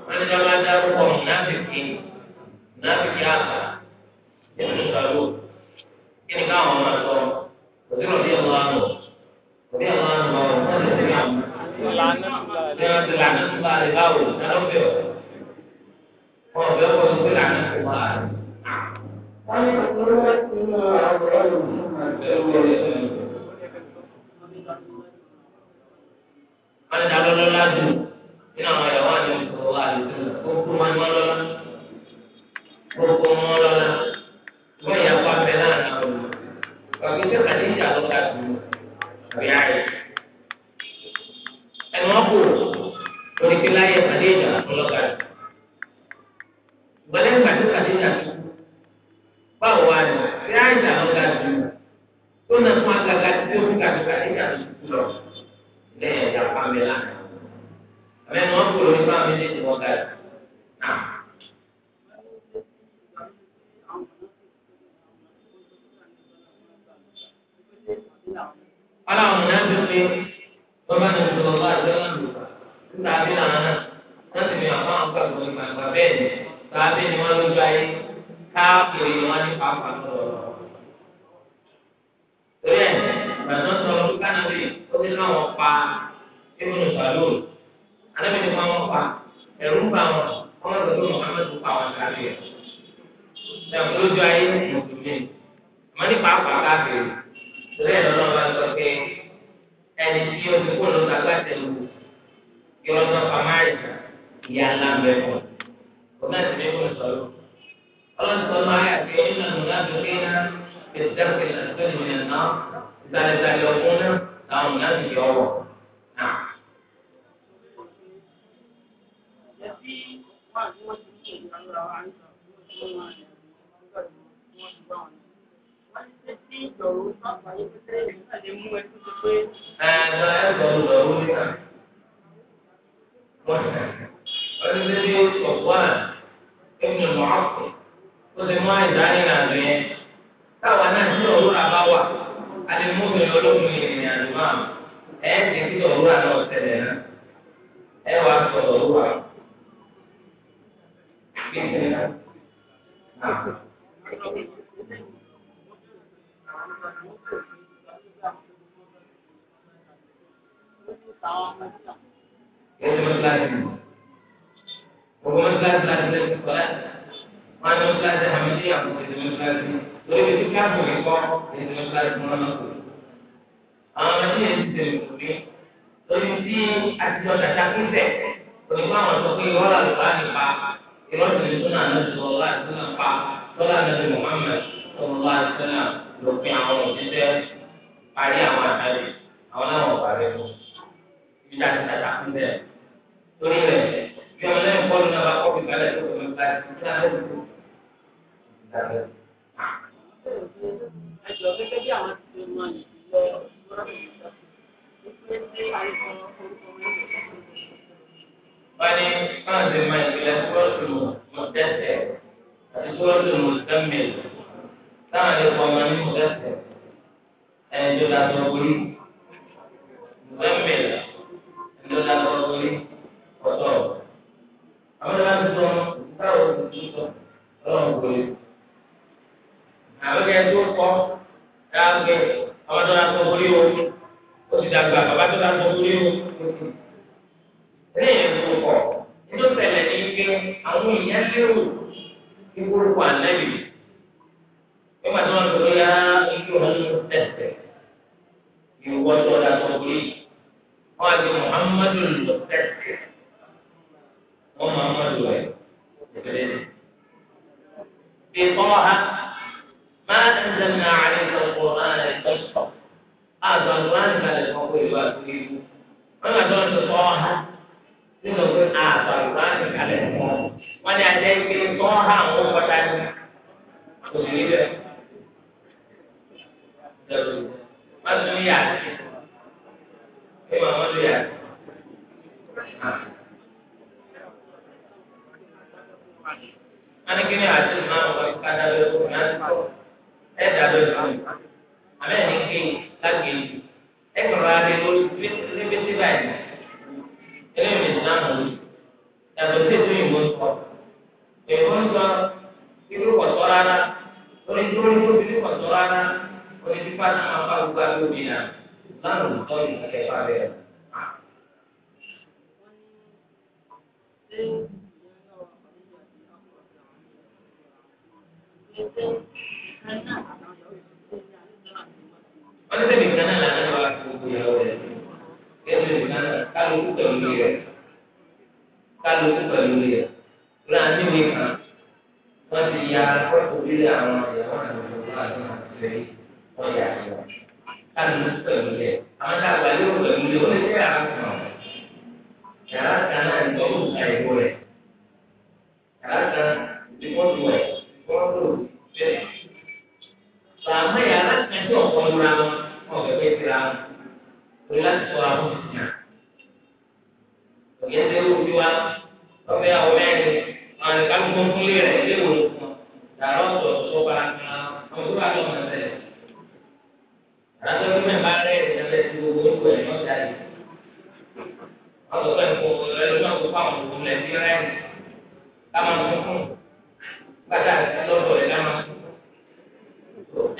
Wọ́n ti dábàá dárúkọ mùnáfíkì mùnáfíkì àgbà nínú ìgbàgbọ́ kí ni káwọn máa sọ òbí òbí ọ̀la ànú òbí ọ̀la ànú ọ̀hún fún òbí àmú ní wọn ti lànà tó bá rẹ báwo lọ́dọ̀ bẹ̀ ọ́ wọn bẹ̀ wọ́n ti lànà tó bá rẹ. wọ́n ní kí wọ́n ti mú àwọn ọ̀rọ̀ yìí máa bẹ̀rù rẹ̀ lẹ́nu. wọ́n ti dáná lọ́la dùn nínú àwọn ẹ̀wọ̀n àti ìṣòro àti ìṣòro gbogbo wọn lọ́la gbogbo wọn lọ́la bẹ́ẹ̀ yà wá bẹ́ẹ̀ láàrin àwọn olùkọ́ ọ̀gbìn tí kàdé ìjà ló ká dùn àbí àyè. ẹ̀wọ̀n kò lórí pé láyé kàdé ìjà ló ká dùn. ìgbàlẹ́ kàdé kàdé ìjà tó báwo wá ní bí àyè ló ká dùn tó nà fún agaga tí ó fi kàdé kàdé ìjà tó kú lọ lẹ́yìn ìjà pàmìlà. àmì ẹ̀wọ̀n kò lórí pàmìlà ìjà ló ká dùn. balóòl alábẹ́ ni wọ́n pa ẹ̀rú ń bá wọn wọ́n lọ sí muhammadu pa wọn káfíà dàbí lójú ayé mùsùlùmí àmọ́ ní pàápàá káfíà ìrẹ́ ìrọ̀lọ́ bá sọ pé ẹni tí yóò ti kó ló ta gbàtẹ́ lu yọ̀ọ́ náà pàmáyì ìyá ńlá ń bẹ fún un òun náà ti ní kó sọ̀rọ̀ ọlọ́run sọ máa yà pé nínú àná láti rí iná ìdẹ́kẹ̀lẹ́ àti ìrìnà náà ìdánilẹ́yọ̀ ẹ ti fi òwúrọ̀ náà tẹ̀lé náà ẹ wàá sọ òwúrọ̀. Ẹni mọ́sálásí. Gbogbo mọ́sálásí láti lẹ́sìn kọ́lá. Wọ́n á ní mọ́sálásí àmì ní àkókò ẹ̀sìn mọ́sálásí. Lórí ibi tí a kò rí kọ́ ẹ̀sìn mọ́sálásí wọn náà kò rí. Àwọn ọmọdé yẹn ti tẹ̀lé kò rí. Lórí tí a ti lọ dàda kúnfẹ̀. Òyìnbó àwọn sọ pé wọ́n rà lọ́wọ́ nípa ìrántí ní súnà nàbì sọlá ìsúná pa lọ́la nàbì Muhammad sọlá ìsúná lópin àwọn òṣìṣẹ́ parí àwọn àtàlẹ́ àwọn náà wọ̀ parí fún ibi tí a ti tàkà fún bẹ́ẹ̀ torí rẹ̀ bí ọmọ lẹ́yìn bọ́ọ̀lù náà bá kọ́ fi kalẹ̀ tó kọ́ fi kalẹ̀ tó dábẹ́ tó dábẹ́. Ẹ̀jọ̀ gẹ́gẹ́ bí àwọn ti ṣe mọ ìdílé ọ̀rọ̀ ìgbọ́ràn ìgbà tó ń pè é sí àìsàn orúkọ mẹ́rin wani kan ṣe máa ìpìlẹ̀ sọ́ọ̀tù mọ̀tẹ́sẹ̀ àti sọ́ọ̀tù mọ̀tẹ́mẹ̀lì táwọn lè fọ ọmọ ní mọ̀tẹ́sẹ̀ ẹni tó da sọ orí mọ̀tẹ́mẹ̀lì ẹni tó da sọ orí ọ̀tọ̀. àwọn ìlànà tó sọ táwọn olùdó sọ ọlọ́run kò lè. àbẹ̀kẹ́ tó kọ́ dáàbẹ̀ ọmọ tó da sọ orí o ti dàgbà bàbá tó da sọ orí o. tó pọ̀ nínú ṣẹlẹ̀ ní ike àwọn èèyàn lérò ìwúrúkọ ànábì nígbà tí wọ́n lọ ya ìlú ọ̀hún tẹ̀sẹ̀ ìwọ́ tó ọ̀dà tó gbé wọ́n àti muhammadu lọ tẹ̀sẹ̀ wọ́n muhammadu ẹ̀ tẹ̀sẹ̀ بطه ما أنزلنا عليك القرآن لتشقى هذا القرآن ما للمقر وأكيد وما دون طه nínú pé àtọ̀ àgbà nìkalẹ̀ fún ọ wọ́n ní ajẹ́ ike tó ń há àwọn ọ̀pọ̀ta ní òsì bẹ́ẹ̀. wọ́n tún ní yàrá ẹ máa wọ́n tún yàrá. wọ́n ní kí ni àti ìmọ̀ àwọn ọ̀pọ̀ ìkádà lọ́wọ́ náà ẹ̀ dá lọ́wọ́ àmẹ́ni kí lágbèé ẹ̀ kọ̀ọ̀rọ̀ adé lórí bí bí bí báyìí eléyìí ní ìdáhùn yìí yàtọ̀ sí ètò ìwé sọ èèwọ̀ ń sọ irú pọ̀tọ́ rárá orí dúró ní orí pọ̀tọ́ rárá orí pípa náà máa bá gbogbo àgbẹ̀ omi náà lánàá lùtọ́ yìí kẹfà rẹ̀. wọ́n ti sẹ́ni kan náà lọ́wọ́ àti gbogbo ìyàwó rẹ̀. kéde nìkan kálukú pẹ̀lú rẹ̀ kálukú pẹ̀lú rẹ̀ fúlàní mi kan wọ́n ti ya kọ́kùnrin lé àwọn ìyàwó àwọn ìyàwó àti àwọn ìfẹ́ wọ́n yà sọ kálukú pẹ̀lú rẹ̀ àwọn dàgbà yóò pẹ̀lú rẹ̀ ó lè jẹ́ àkàn yàrá kan náà ń tọ́jú àìkú rẹ̀ yàrá kan ìdíkọ́tù rẹ̀ kọ́ńtò bẹ́ẹ̀. bàmá yàrá kan tí ọ̀pọ̀ lura wọn ọ̀gẹ̀gẹ̀ tira wọn. torí láti sọ̀rọ̀ àwọn ìsìnkà. Ọ̀gẹ́ ṣe wù wa, ọ̀fẹ́ àwọn mẹ́rin, àwọn ìkàlùkọ́ fúnlé rẹ̀ ilé wò ló dàrọ́ ọ̀tọ̀ tó bá àwọn tó bá lọ mọ̀ ẹ̀ Àtọ́jú mẹ́ta rẹ̀ ìrẹ̀lẹ̀ ti gbogbo orúkọ ẹ̀ náà jáde. Ọ̀sọ̀ pẹ̀lú kò ẹlòmíràn kó fáwọn òkú lẹ̀ sí rẹ̀ káma tuntun gbàdá lọ́dọ̀ rẹ̀ káma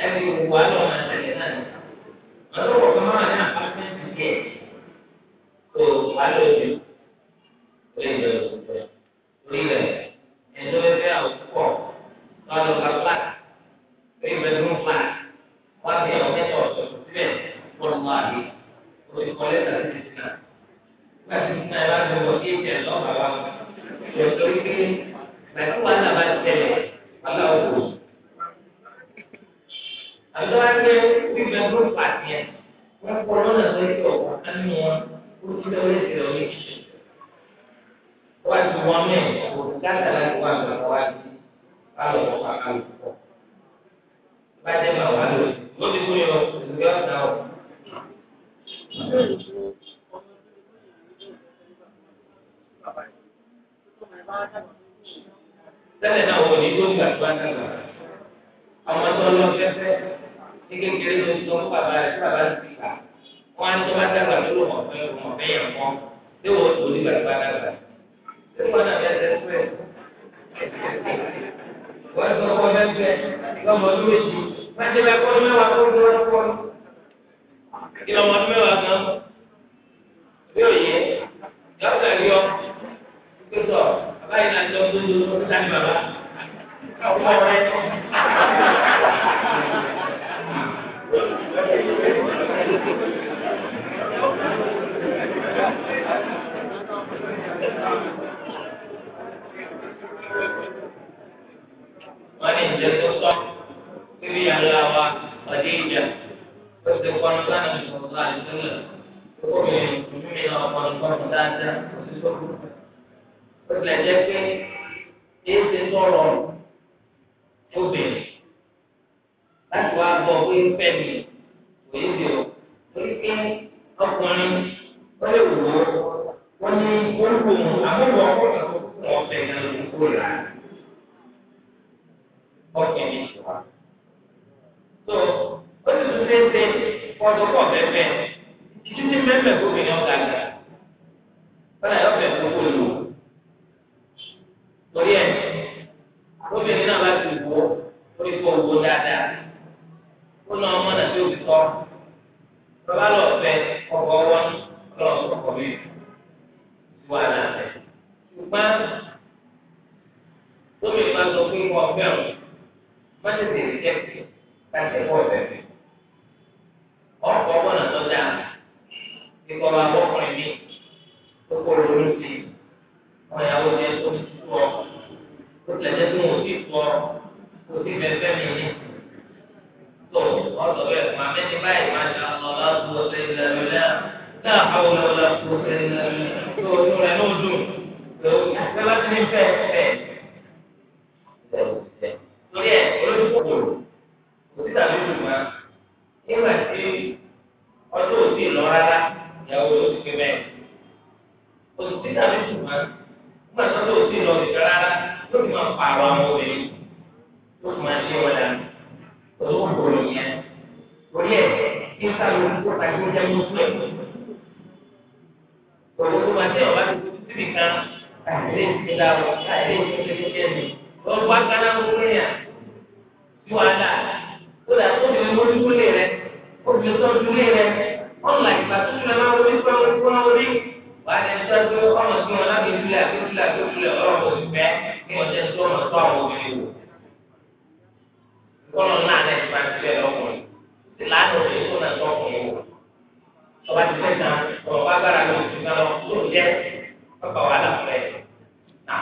ẹni wù wá lọ́wọ́ àtẹ̀lẹ́ náà. Àtọ́wọ̀ kan máa ní àpá fẹ́ẹ́ get so alẹ́ òjò lè lọ òṣìṣẹ́ orílẹ̀ ẹ̀dọ́ ẹgbẹ́ àwọn púpọ̀ lọ́dọ̀ ká flat three bedroom flat wá sí àwọn mẹ́ta ọ̀sọ̀ síbẹ̀ wọ́n mú àlè oṣù kọ́lẹ́ tàbí tìtìnà nígbà tí tìtìnà ẹ̀ bá ti wọ sí ìjẹ́ lọ́wọ́ àwọn ìjọba orí pé gbàtí wàhálà bá ti tẹ̀lẹ̀ wàhálà òkú àlọ́ àgbẹ̀ three bedroom flat yẹn wọ́n kọ́ lọ́nà lórí ọ̀pọ̀ kánú wọn ó ti lọ́wọ́ ẹ̀sẹ̀ ọ̀rẹ́ jù. wọ́n ti wọ́n mẹ́rin kò dáta láti wá wá sí alọ̀ ọ̀pá alùpùpọ̀. bá jẹ́ máa wà lórí lórí kúrò yọ ìlú ọ̀tá ọ̀. sẹ́lẹ̀ náà wọ̀ ní tó gbà tó bá dàgbà àwọn tó lọ fẹ́fẹ́ ní kékeré ló ti sọ fún bàbá rẹ̀ tí bàbá ti kà wọ́n á ní tó bá dàgbà tó lò wọ́n fẹ́ wọ́n fẹ́ yẹn mọ́ tí wọ́n tó ní bàbá dàgbà. ṣé wọ́n náà fẹ́ tẹ́ fẹ́? wọ́n sọ fún ọmọ ẹgbẹ́ lọ́mọ ọdún méjì wọ́n ti bẹ kọ́ ọdún mẹ́wàá tó dúró lọ́kọ́ kí lọ́mọ ọdún mẹ́wàá gan bí òye dọ́kítà rí tó sọ bàbá yìí náà jọ tó dúró lọ́kọ́ wọ́n ní ìjẹ́ tó sọ bíbí àlá wa ọdí ìjà ó ti kọ́nu lánàá ní sọ̀rọ̀ àdúgbò ó mi ìlú mi náà kọ́nu kọ́nu dáadáa ó ti sọ fún mi. ó obìnrin láti wá gbọ́ pé ń fẹ́ mi èyí bí o torí pé ọkùnrin wọ́n lè wò ó wọ́n ní wọ́n wò ó àbúrò ọkùnrin tó wọ́n fẹ́ náà ló kó rà á ọkùnrin tó wà. tó o ti tún ṣe ń ṣe kọ́ńtò pọ̀ mẹ́fẹ́ títí ní mẹ́fẹ́ kó ní ọ̀gá rẹ̀ wọ́n náà yọ fẹ́ fún lò torí ẹ̀ lóbìnrin náà bá ti wò ó ó ti fọ owó dáadáa ó ná ọmọ náà kọ́ bàbá lọ fẹ́ ọkọ̀ wọn lọ́wọ́ ọkọ̀ mi wà lálẹ́ ṣùgbọ́n tóbi máa sọ pé wọ́n fẹ́ràn má tètè rí jẹ́pẹ̀ láti ẹ̀kọ́ ìbẹ̀rẹ̀ ọkọ̀ wọn àtọ́jà ìkọ̀ọ̀bà bọ́kùnrin mi tó kọ́ lóyún sí wọn ìyàwó jẹ́ tó ti fún ọ ó tẹ̀lé tó wọn ò ti fún ọ kò sí fẹ́fẹ́ mi ní tó tó inú ti lọ rárá ìyàwó ló ti fi mẹ́ẹ̀ obìnrin ló ti máa wọn dànù. òun kò nìyẹn orí ẹ̀ kíkà ló ń kó tàbí ó jẹ́ muslim òun tó máa tẹ́ ọ̀bá tó tó síbi kan àìlè ìsìnlá wọn àìlè ìsìnlẹ̀ ní wọ́n wá kaná ń wúlò yàn sí wàhálà tó dà tó lè mórí wúlé rẹ ó lè tọ́jú lé rẹ wọ́n ìgbà tó lè máa wọlé pé wọ́n kó náà wọlé wà á lè tọ́jú ọmọ sí wọn lábẹ́ ìdílé àti ìdílé àti ìdílé ọ̀rọ̀ òsì fẹ́ kí wọ́n jẹ́ sọ́mọ̀ tọ́lọ̀ náà náà bá ti bẹ̀rẹ̀ ọkùnrin ti láàánú rẹ̀ tó náà tọkùnrin wò. ọba ti fẹ́ tán ọ̀rọ̀ bá lórí ti náà tó jẹ́ ọkọ̀ wà láfẹ́ náà.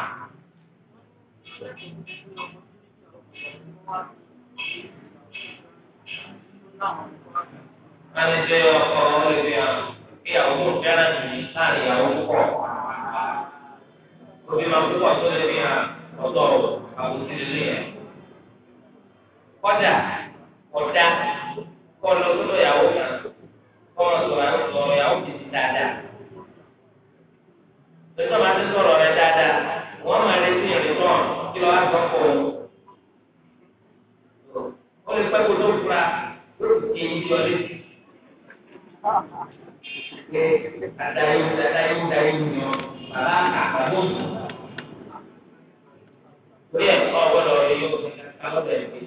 Mánijẹ́ ọkọ̀ olóògbé hàn kí àwọn olùdára yìí láàrin àwọn púpọ̀. Obìnrin máa púpọ̀ tó lè fi hàn ọ̀dọ́ àbùsí lélẹ̀ yẹn kọ́dà kọ́dà kọ́ lọ sọ́dọ̀ ìyàwó kan kọ́ lọ sọ̀rọ̀ ìyàwó kìí ti dáadáa. Pẹ̀sọ́ máa ti sọ̀rọ̀ rẹ dáadáa, wọ́n máa lè sí ìrìn náà kí lọ́wọ́ àgbọ̀kọ̀ o. Ó lè pẹ́ kó tó fura lórí èyí jọ lé. Adáyé adáyé adáyé ni ọ, bàbá àgbàgbọ́ sùn. Orí ẹ̀ kọ́ ọ̀gbọ́dọ̀ yóò fi ká lọ́dọ̀ ẹ̀ pé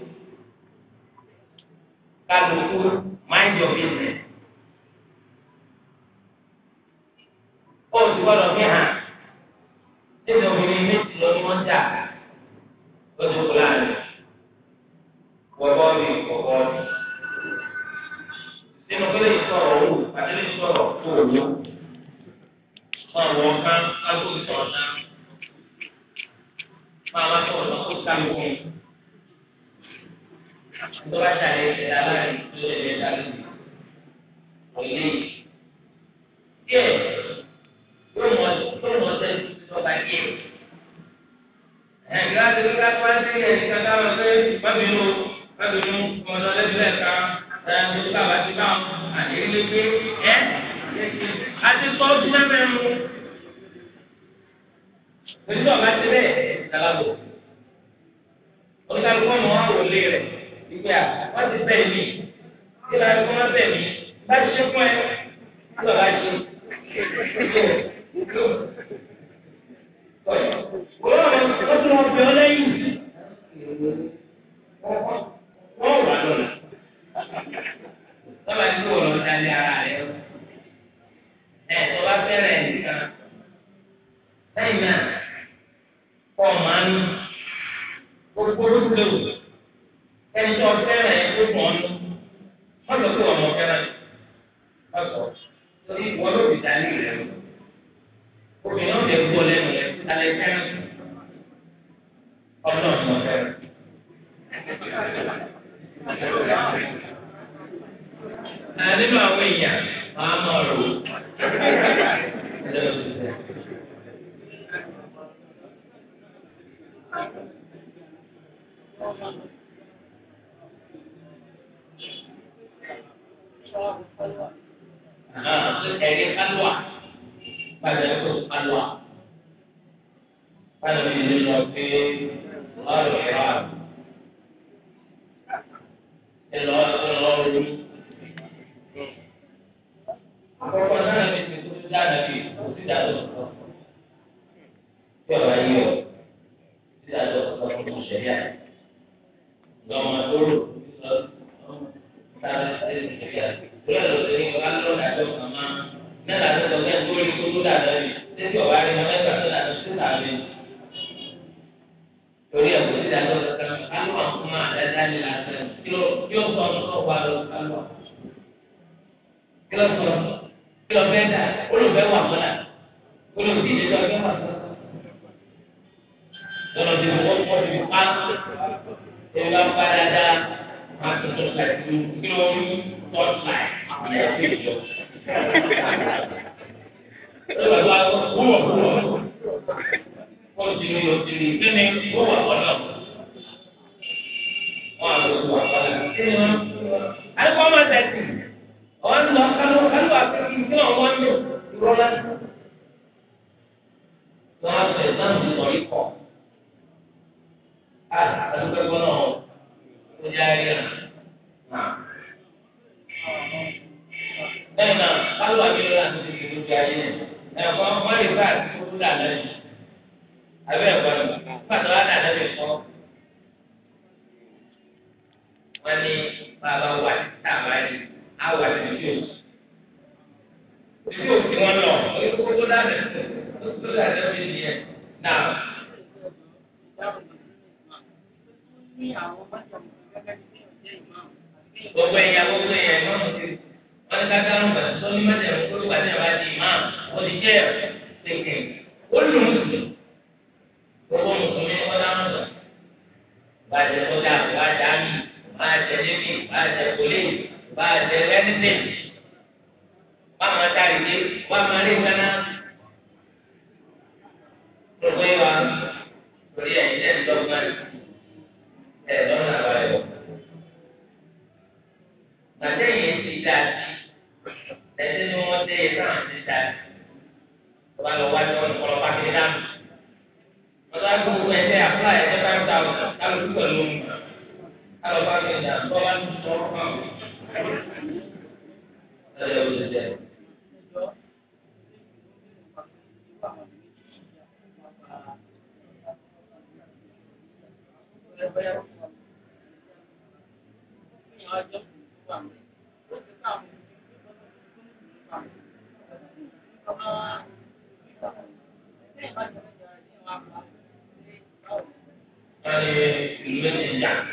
kálukú mind your business. ó ti gbọ́dọ̀ fi hàn níbi obìnrin méjì lọ ni wọ́n jà lójú kúlá rẹ̀ wọ́pọ̀ bí wọ́pọ̀ bí. nínú kílẹ̀ ìsọ̀rọ̀ òwò àti ilé ìsọ̀rọ̀ òwò máa wọ̀ ká kálukú ìsọ̀rọ̀ náà máa má sọ̀rọ̀ lọ́kọ̀ sálùkù tó bá ṣàlẹ̀ ṣe aláàrí tó lè lè dá lórí kò lè díẹ̀ yóò mọ̀ yóò mọ̀ sẹ́ lọ́ba díẹ̀ ẹ̀ka ti rí ká pàṣẹ ilẹ̀ ìka táwọn ṣe bábìnú bábìnú ọ̀dọ́ lẹ́sẹ̀ ká ẹ̀ mo ti bàbá ti bá àdéhùn pé ẹ́ rẹ̀ ìgbà wọ́n ti bẹ̀ mí kí ló ń wọ́n bẹ̀ mí bá ti ṣe fún ẹ lọ́ bá ṣe wọ́n tún wọ́n bẹ̀ ọ́ lẹ́yìn wọ́n wà lọ́la lọ́ba tí wọ́n lọ dalẹ̀ ara rẹ̀ ẹ̀ tó bá fẹ́rẹ̀ nìkan lẹ́yìn náà kọ́ ọ̀ma nù gbogbo olóògbé wò ẹni tí wọn fẹ́ràn ẹ tó dùn ọ́nù wọn lọ sí ọmọ fẹ́ràn ẹ torí ìwọ ló fi dá ní rẹ obìnrin ọ̀dẹ̀ gbọ́ lẹ́nu rẹ alẹ́ fẹ́ràn ọdún ọ̀sán fẹ́ràn. nínú àwọn èèyàn máa mọ̀ ọ́ rò ó. tó kálọ̀ àná mi lè lọ pé. báwo ni lọ́la ti ti tó ti ayé ẹ̀ ẹ̀fọ́ wọ́n lè bá àtúntò dà lẹ́yìn abẹ́ ẹ̀fọ́ ni pàtó wà dà lẹ́yìn fọ́ wọ́n ní bàbá wà tàbá yìí á wà lójú òsì lójú òsì wọn lọ orí kókó dà lẹ́yìn tó dà lẹ́yìn ni ẹ̀ náà. gbogbo ẹ̀yà gbogbo ẹ̀yà náà wọn ká dáhùn gbàdúrà tó ní mẹ́tẹ̀ ẹ̀rọ kórìkà ní ẹ̀rọ àti ìmá wọn ti jẹ́ tẹ̀kẹ̀ ó lù ú gbogbo mùsùlùmí wọn dáhùn sọ bàjẹ́ kọjá bàjẹ́ àmì bàjẹ́ lẹ́bí bàjẹ́ kọ́lé bàjẹ́ lẹ́nìtẹ̀ wọ́n máa dárí dé wọ́n máa rí nǹkan náà gbogbo yìí wà lórí ẹ̀yìn lẹ́yìn lọ́gbọ́n ẹ̀ lọ́nà àbáyọ. Bàtẹ́ ti dáa sí ẹtí ni wọn dé yìí náà ti da ọba lọ wájú wọn kọlọ bá kiri dá wọn lọ gbogbo ẹtí àpúlà ẹtí bá ń ta ọ kálọ tó pẹ̀lú òun kálọ bá kiri dá tó bá tó tọ ọkọ àwọn ẹyẹ wò jẹ. Thank you. ilé ti yà.